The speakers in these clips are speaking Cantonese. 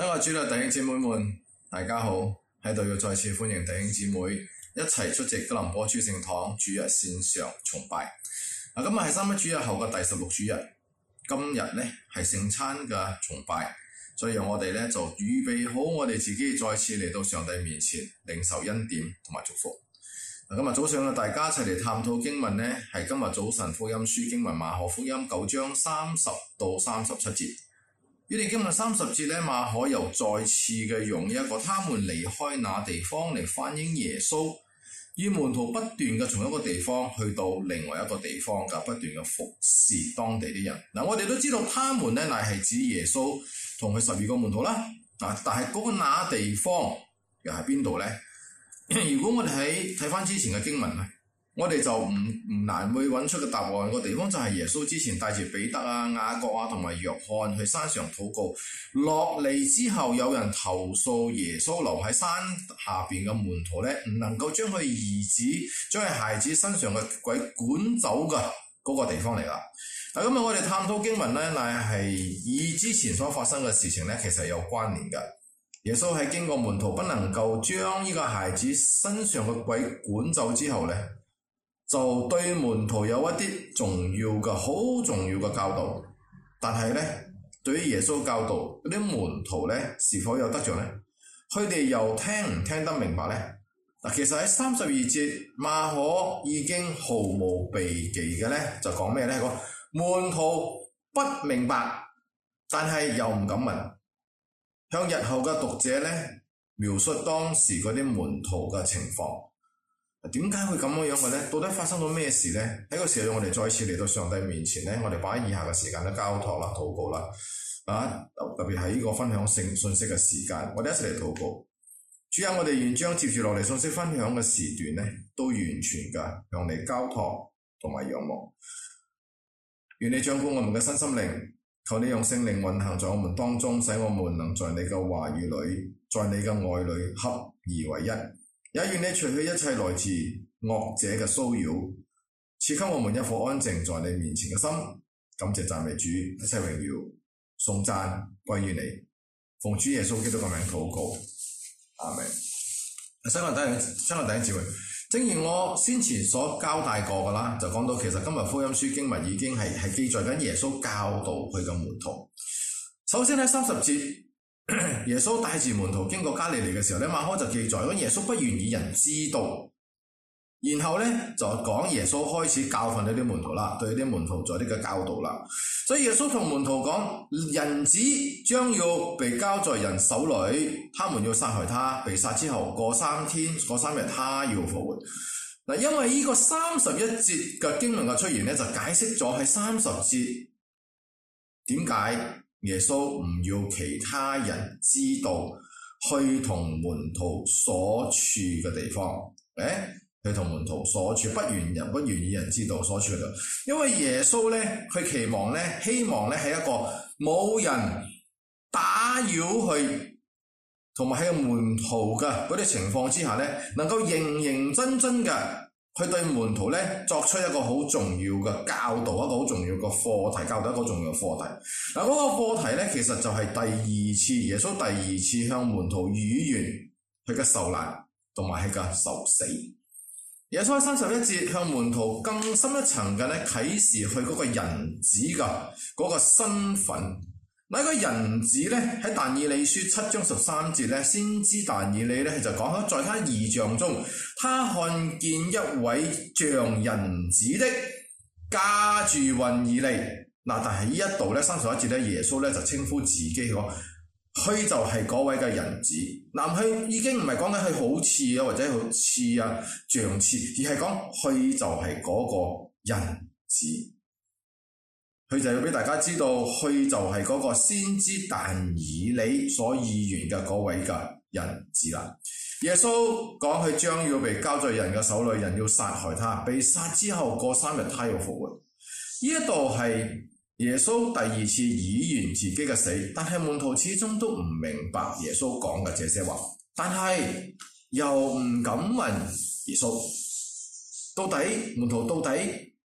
各位主內弟兄姊妹們，大家好！喺度要再次歡迎弟兄姊妹一齊出席吉林波主聖堂主日線上崇拜。嗱，今日係三一主日後嘅第十六主日，今日咧，係聖餐嘅崇拜，所以我哋咧，就預備好我哋自己，再次嚟到上帝面前領受恩典同埋祝福。嗱，今日早上嘅大家一齊嚟探討經文咧，係今日早晨福音書經文馬可福音九章三十到三十七節。呢段經文三十節咧，馬可又再次嘅用一個，他們離開那地方嚟反映耶穌，以門徒不斷嘅從一個地方去到另外一個地方，噶不斷嘅服侍當地啲人。嗱、嗯，我哋都知道，他們咧乃係指耶穌同佢十二個門徒啦。嗱、啊，但係嗰個那地方又係邊度咧？如果我哋喺睇翻之前嘅經文咧。我哋就唔唔難會揾出個答案。個地方就係耶穌之前帶住彼得啊、雅各啊同埋約翰去山上禱告，落嚟之後有人投訴耶穌留喺山下邊嘅門徒呢，唔能夠將佢兒子、將佢孩子身上嘅鬼管走嘅嗰個地方嚟啦。嗱，今日我哋探討經文呢，乃係以之前所發生嘅事情呢，其實有關聯嘅。耶穌喺經過門徒不能夠將呢個孩子身上嘅鬼管走之後呢。就對門徒有一啲重要嘅好重要嘅教導，但係呢，對於耶穌教導，啲門徒呢是否有得着呢？佢哋又聽唔聽得明白呢？嗱，其實喺三十二節，馬可已經毫無避忌嘅呢，就講咩呢？講門徒不明白，但係又唔敢問。向日後嘅讀者呢，描述當時嗰啲門徒嘅情況。點解會咁樣嘅咧？到底發生咗咩事咧？喺個時候，我哋再次嚟到上帝面前咧，我哋把以下嘅時間都交託啦、禱告啦，啊，特別喺呢個分享聖信息嘅時間，我哋一齊嚟禱告。主啊，我哋願將接住落嚟信息分享嘅時段咧，都完全嘅用嚟交託同埋仰望。願你掌管我們嘅身心靈，求你用聖靈運行在我們當中，使我們能在你嘅話語裏，在你嘅愛裏合二為一。也願你除去一切來自惡者嘅騷擾，賜給我們一顆安靜在你面前嘅心。感謝讚美主，一切榮耀頌讚歸於你。奉主耶穌基督嘅名禱告，阿門。新約第一，新約第一節正如我先前所交代過噶啦，就講到其實今日福音書經文已經係係記載緊耶穌教導佢嘅門徒。首先喺三十節。耶穌帶住門徒經過加利利嘅時候咧，馬可就記載，咁耶穌不願意人知道，然後咧就講耶穌開始教訓呢啲門徒啦，對呢啲門徒做啲嘅教導啦，所以耶穌同門徒講，人子將要被交在人手裏，他們要殺害他，被殺之後過三天過三日他要復活。嗱，因為呢個三十一節嘅經文嘅出現咧，就解釋咗係三十節，點解？耶穌唔要其他人知道去同門徒所處嘅地方，誒、欸，去同門徒所處，不願人、不願意人知道所處嘅地方，因為耶穌咧，佢期望咧，希望咧係一個冇人打擾佢，同埋喺個門徒嘅嗰啲情況之下咧，能夠認認真真嘅。佢對門徒咧作出一個好重要嘅教導，一個好重要嘅課題，教導一個重要嘅課題。嗱，嗰個課題咧，其實就係第二次耶穌第二次向門徒預言佢嘅受難同埋佢嘅受死。耶穌喺三十一節向門徒更深一層嘅咧啟示佢嗰個人子嘅嗰個身份。嗱，嗰人子呢，喺《但以理書》七章十三節呢，先知但以理呢，就講咗。在他異象中，他看見一位像人子的加住雲而嚟。嗱、啊，但係呢一度呢，三十一節呢，耶穌呢，就稱呼自己講，佢就係嗰位嘅人子。嗱、啊，佢已經唔係講緊佢好似啊，或者好似啊，像似，而係講佢就係嗰個人子。佢就要俾大家知道，佢就係嗰個先知但以理所預言嘅嗰位嘅人子啦。耶穌講佢將要被交在人嘅手裏，人要殺害他，被殺之後過三日，他又復活。呢一度係耶穌第二次預言自己嘅死，但係門徒始終都唔明白耶穌講嘅這些話，但係又唔敢問耶穌到底，門徒到底。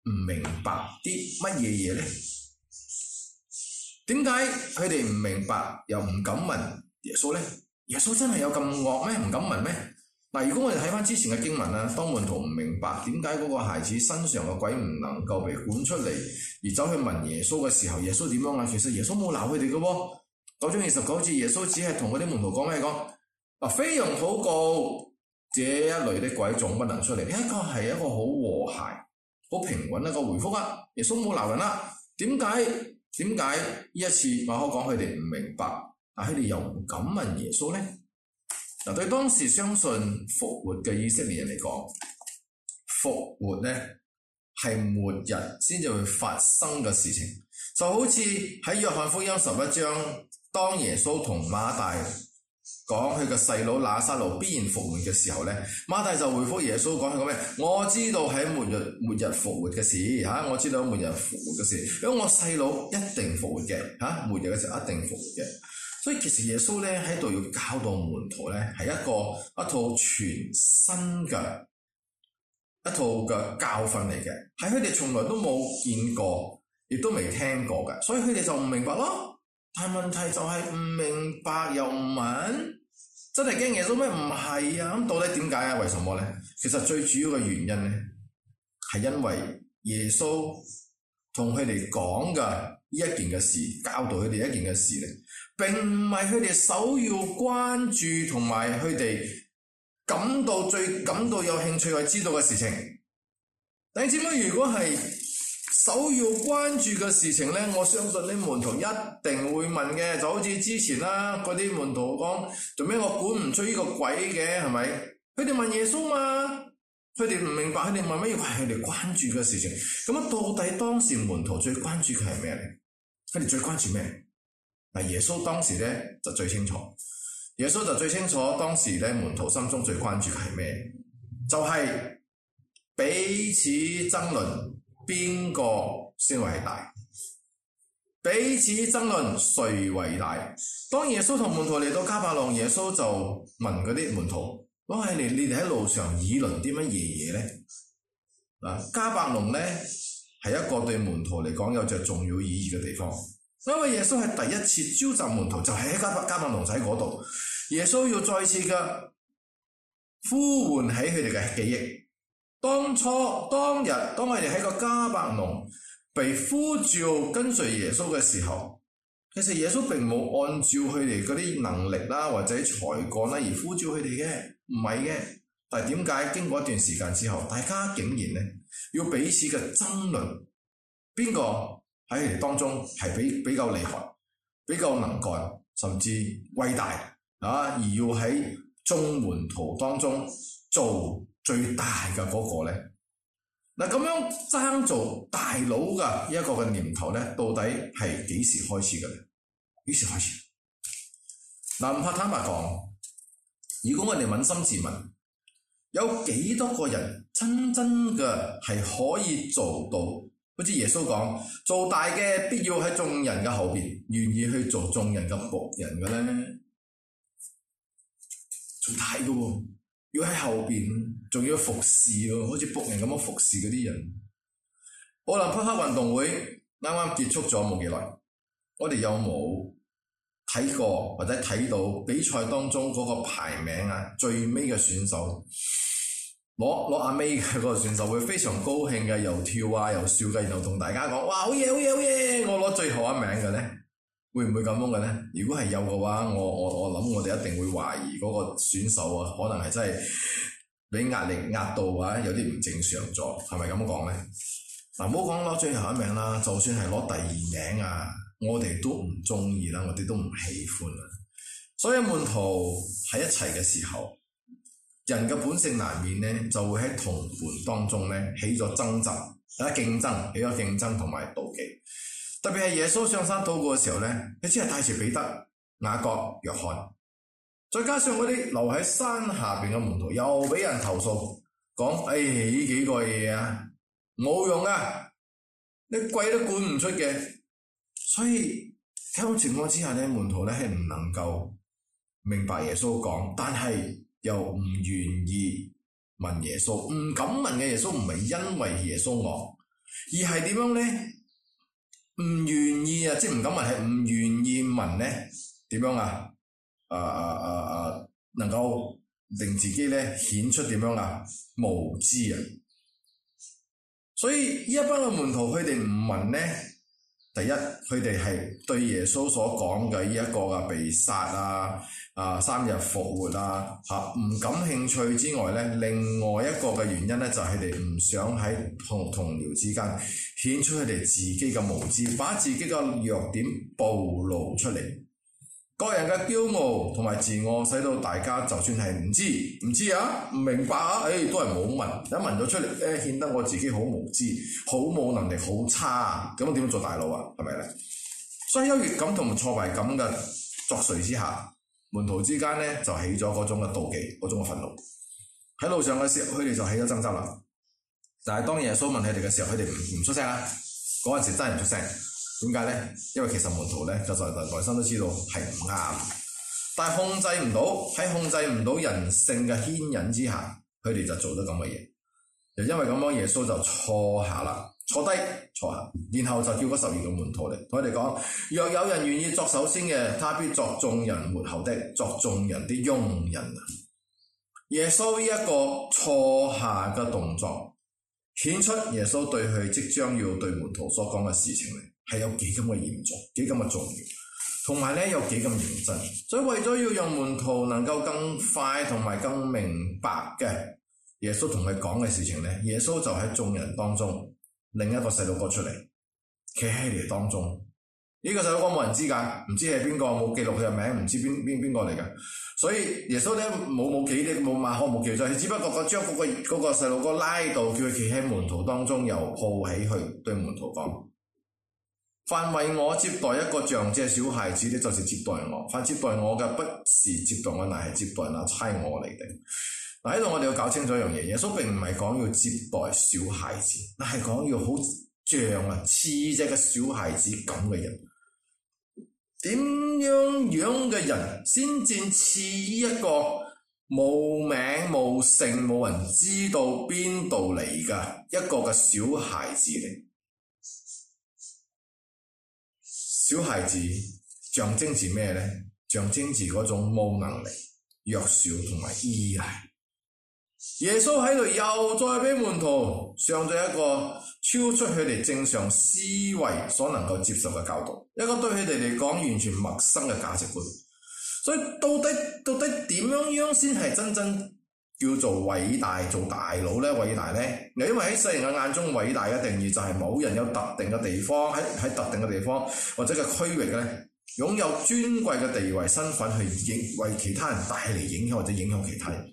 唔明白啲乜嘢嘢呢？點解佢哋唔明白又唔敢問耶穌呢？耶穌真係有咁惡咩？唔敢問咩？嗱，如果我哋睇翻之前嘅經文啊，當門徒唔明白點解嗰個孩子身上嘅鬼唔能夠被趕出嚟，而走去問耶穌嘅時候，耶穌點樣啊？其實耶穌冇鬧佢哋嘅，九章二十九節，耶穌只係同嗰啲門徒講咩講？啊，非用禱告，這一類的鬼總不能出嚟，呢一個係一個好和諧。好平穩一個回覆啊！耶穌冇鬧人啦、啊，點解點解呢一次馬可講佢哋唔明白，但佢哋又唔敢問耶穌呢？嗱、啊，對當時相信復活嘅以色列人嚟講，復活呢係末日先至會發生嘅事情，就好似喺約翰福音十一章，當耶穌同馬大講佢個細佬拉撒路必然復活嘅時候呢，馬大就回覆耶穌講，佢講咩？我知道喺末日末日復活嘅事吓、啊，我知道末日復活嘅事，因為我細佬一定復活嘅吓、啊，末日嘅時候一定復活嘅。所以其實耶穌呢喺度要教導門徒呢，係一個一套全新嘅一套嘅教訓嚟嘅，係佢哋從來都冇見過，亦都未聽過嘅，所以佢哋就唔明白咯。但問題就係唔明白又唔問，真係驚耶穌咩？唔係啊，咁到底點解啊？為什麼咧？其實最主要嘅原因呢，係因為耶穌同佢哋講嘅呢一件嘅事，教導佢哋一件嘅事呢，並唔係佢哋首要關注同埋佢哋感到最感到有興趣去知道嘅事情。你知唔知如果係？首要關注嘅事情呢，我相信啲門徒一定會問嘅，就好似之前啦，啊，嗰啲門徒講，做咩我管唔出呢個鬼嘅，係咪？佢哋問耶穌嘛？佢哋唔明白，佢哋問乜嘢係佢哋關注嘅事情？咁啊，到底當時門徒最關注嘅係咩？佢哋最關注咩？嗱，耶穌當時呢就最清楚，耶穌就最清楚當時呢門徒心中最關注嘅係咩？就係、是、彼此爭論。邊個先偉大？彼此爭論誰偉大？當耶穌同門徒嚟到迦百農，耶穌就問嗰啲門徒：講、哦、起你，你哋喺路上議論啲乜嘢嘢呢？呢」啊，迦百農呢係一個對門徒嚟講有着重要意義嘅地方，因為耶穌係第一次召集門徒，就喺、是、迦百迦百農喺嗰度，耶穌要再次嘅呼喚起佢哋嘅記憶。當初當日，當佢哋喺個加百農被呼召跟隨耶穌嘅時候，其實耶穌並冇按照佢哋嗰啲能力啦，或者才幹啦而呼召佢哋嘅，唔係嘅。但係點解經過一段時間之後，大家竟然呢要彼此嘅爭論，邊個喺當中係比比較厲害、比較能幹，甚至偉大啊？而要喺眾門徒當中做最大嘅嗰個咧，嗱咁樣爭做大佬嘅呢一個嘅年頭咧，到底係幾時開始嘅？幾時開始？嗱，唔怕坦白講，如果我哋捫心自問，有幾多個人真真嘅係可以做到？好似耶穌講，做大嘅必要喺眾人嘅後邊，願意去做眾人嘅僕人嘅咧，做大嘅喎。要喺後邊，仲要服侍，好似僕人咁樣服侍嗰啲人。奧林匹克運動會啱啱結束咗冇幾耐，我哋有冇睇過或者睇到比賽當中嗰個排名啊？最尾嘅選手攞攞阿尾嘅嗰個選手會非常高興嘅，又跳啊又笑嘅，然後同大家講：哇！好嘢好嘢好嘢！我攞最後一名嘅咧。會唔會咁樣嘅咧？如果係有嘅話，我我我諗我哋一定會懷疑嗰個選手啊，可能係真係俾壓力壓到嘅、啊、話，有啲唔正常咗，係咪咁講咧？嗱、啊，唔好講攞最後一名啦，就算係攞第二名啊，我哋都唔中意啦，我哋都唔喜歡啦。所以門徒喺一齊嘅時候，人嘅本性難免呢，就會喺同伴當中呢起咗爭執，起競爭、啊、爭，起咗競爭同埋妒忌。特別係耶穌上山禱告嘅時候咧，佢只係帶住彼得、雅各、約翰，再加上嗰啲留喺山下邊嘅門徒，又俾人投訴，講：哎，呢幾個嘢啊，冇用啊，你鬼都管唔出嘅。所以聽咗情況之下咧，門徒咧係唔能夠明白耶穌講，但係又唔願意問耶穌，唔敢問嘅耶穌唔係因為耶穌惡，而係點樣咧？唔願意啊，即係唔敢問，係唔願意問咧？點樣啊？啊啊啊啊！能夠令自己咧顯出點樣啊？無知啊！所以呢一班嘅門徒佢哋唔問咧。第一，佢哋係對耶穌所講嘅呢一個啊被殺啊，啊三日復活啊，吓唔感興趣之外咧，另外一個嘅原因咧就係佢哋唔想喺同同僚之間顯出佢哋自己嘅無知，把自己嘅弱點暴露出嚟。個人嘅驕傲同埋自我，使到大家就算係唔知唔知啊，唔明白啊，誒、哎，都係冇問，一問咗出嚟咧，顯、呃、得我自己好無知，好冇能力，好差，咁我點樣做大佬啊？係咪咧？所以優越感同埋挫敗感嘅作祟之下，門徒之間咧就起咗嗰種嘅妒忌，嗰種嘅憤怒，喺路上嘅時候，佢哋就起咗爭執啦。但係當耶穌問佢哋嘅時候，佢哋唔唔出聲啦。嗰陣時真係唔出聲。點解呢？因為其實門徒呢，就在內心都知道係唔啱，但係控制唔到，喺控制唔到人性嘅牽引之下，佢哋就做咗咁嘅嘢。就因為咁，耶穌就坐下啦，坐低坐下，然後就叫嗰十二個門徒嚟同佢哋講：若有人願意作首先嘅，他必作眾人末後的，作眾人的用人。耶穌呢一個坐下嘅動作，顯出耶穌對佢即將要對門徒所講嘅事情嚟係有幾咁嘅嚴重，幾咁嘅重要，同埋咧有幾咁認真，所以為咗要讓門徒能夠更快同埋更明白嘅耶穌同佢講嘅事情咧，耶穌就喺眾人當中另一個細路哥出嚟，企喺嚟當中。呢個細路哥冇人知㗎，唔知係邊個，冇記錄佢嘅名，唔知邊邊邊個嚟㗎。所以耶穌咧冇冇記憶，冇馬可冇記載，只不過佢將嗰個嗰個細路哥拉到，叫佢企喺門徒當中，又抱起去對門徒講。凡為我接待一個像隻小孩子，你就是接待我。凡接待我嘅，不是接待我，乃係接待那差我嚟嘅。嗱，喺度我哋要搞清楚一樣嘢，耶穌並唔係講要接待小孩子，係講要好像啊似隻嘅小孩子咁嘅人。點樣樣嘅人先至似一個冇名冇姓、冇人知道邊度嚟嘅一個嘅小孩子嚟？小孩子象徵住咩呢？象徵住嗰種冇能力、弱小同埋依賴。耶穌喺度又再俾門徒上咗一個超出佢哋正常思維所能夠接受嘅教導，一個對佢哋嚟講完全陌生嘅價值觀。所以到底到底點樣樣先係真正？叫做偉大做大佬呢。偉大呢，嗱，因為喺世人嘅眼中，偉大嘅定義就係冇人有特定嘅地方，喺喺特定嘅地方或者個區域呢，擁有尊貴嘅地位身份去影為其他人帶嚟影響或者影響其他人。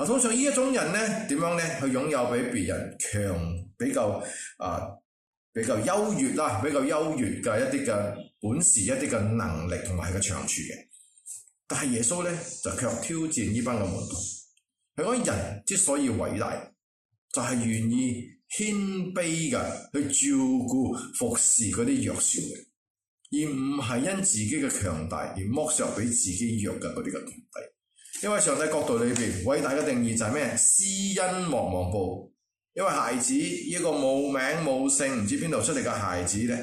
嗱，通常呢一種人呢，點樣呢？去擁有比別人強，比較啊比較優越啦，比較優越嘅一啲嘅本事，一啲嘅能力同埋係個長處嘅。但係耶穌呢，就卻挑戰呢班嘅門徒。係講，人之所以偉大，就係、是、願意謙卑嘅去照顧服侍嗰啲弱小嘅，而唔係因自己嘅強大而剝削俾自己弱嘅嗰啲嘅群體。因為上帝角度裏邊偉大嘅定義就係咩？施恩莫望報。因為孩子一個冇名冇姓唔知邊度出嚟嘅孩子呢，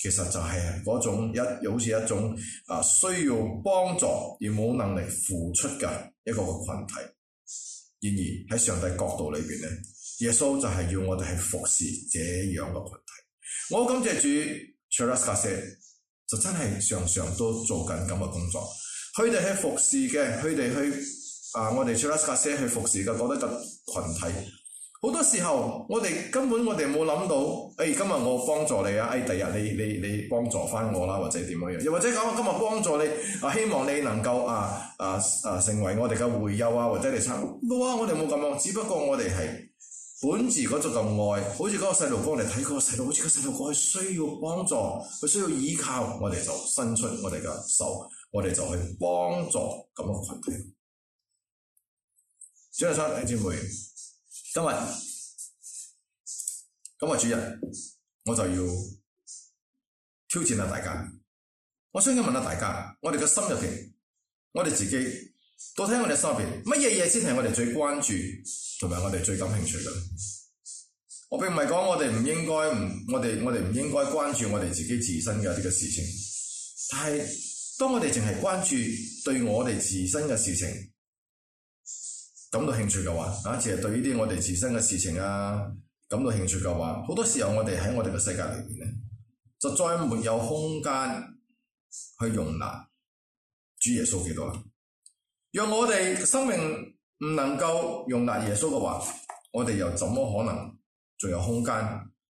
其實就係嗰種一好似一種啊需要幫助而冇能力付出嘅一個嘅群體。然而喺上帝角度裏邊咧，耶穌就係要我哋去服侍這樣嘅群體。我感謝主 t r a s k 就真係常常都做緊咁嘅工作。佢哋去服侍嘅，佢哋去啊，我哋 t r a s k 去服侍嘅，覺得嘅群體。好多時候，我哋根本我哋冇諗到，誒、哎，今日我幫助你啊，誒、哎，第日你你你幫助翻我啦，或者點樣樣，又或者講我今日幫助你，啊，希望你能夠啊啊啊成為我哋嘅會友啊，或者你參，冇啊，我哋冇咁樣，只不過我哋係本着嗰種咁愛，好似嗰個細路哥嚟睇嗰個細路，好似個細路過去需要幫助，佢需要依靠我，我哋就伸出我哋嘅手，我哋就去幫助咁樣嘅群體。張生，誒，姐妹。今日咁啊，主日我就要挑戰下大家。我想要問下大家，我哋個心入邊，我哋自己到底喺我哋心入邊乜嘢嘢先係我哋最關注同埋我哋最感興趣嘅？我並唔係講我哋唔應該，唔我哋我哋唔應該關注我哋自己自身嘅呢個事情，但係當我哋淨係關注對我哋自身嘅事情。感到興趣嘅話，啊，即係對呢啲我哋自身嘅事情啊，感到興趣嘅話，好多時候我哋喺我哋嘅世界裏面咧，就再沒有空間去容納主耶穌幾多啊！若我哋生命唔能夠容納耶穌嘅話，我哋又怎麼可能仲有空間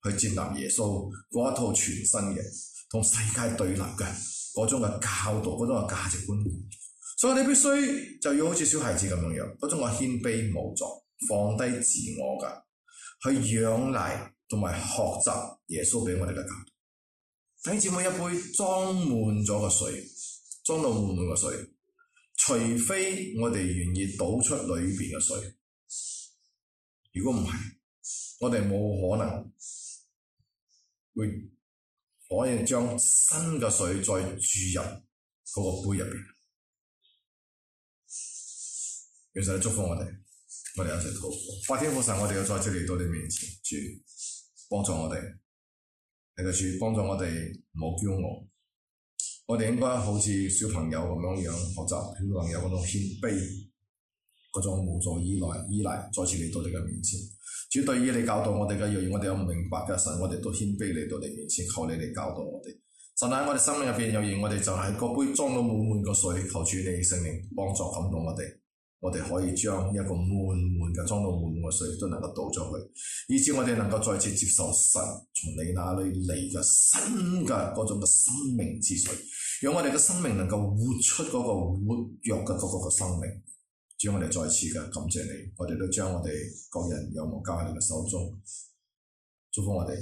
去接納耶穌嗰一套全新嘅同世界對立嘅嗰種嘅教導嗰種嘅價值觀？所以你必須就要好似小孩子咁樣樣，嗰種我謙卑無助，放低自我噶，去仰賴同埋學習耶穌俾我哋嘅教。睇住每一杯裝滿咗個水，裝到滿滿個水，除非我哋願意倒出裏邊嘅水，如果唔係，我哋冇可能會可以將新嘅水再注入嗰個杯入邊。其神祝福我哋，我哋阿神好。白天父神，我哋要再次嚟到你面前，主幫助我哋，嚟個主幫助我哋唔好驕傲。我哋應該好似小朋友咁樣樣學習小朋友嗰種謙卑，嗰種無助依賴依賴。再次嚟到你嘅面前，主對於你教導我哋嘅要，我哋有唔明白嘅神，我哋都謙卑嚟到你面前，求你嚟教導我哋。神喺我哋心裏入邊，有緣我哋就係嗰杯裝到滿滿個水，求主你聖靈幫助感動我哋，我哋可以將一個滿滿嘅裝到滿滿嘅水都能夠倒咗去，以至我哋能夠再次接受神從你那裏嚟嘅新嘅嗰種嘅生命之水，讓我哋嘅生命能夠活出嗰個活躍嘅嗰個生命。只要我哋再次嘅感謝你，我哋都將我哋各人有望交喺你嘅手中，祝福我哋，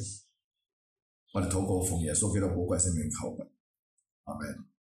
我哋禱告，奉耶穌基督寶貴聖名求嘅。阿門。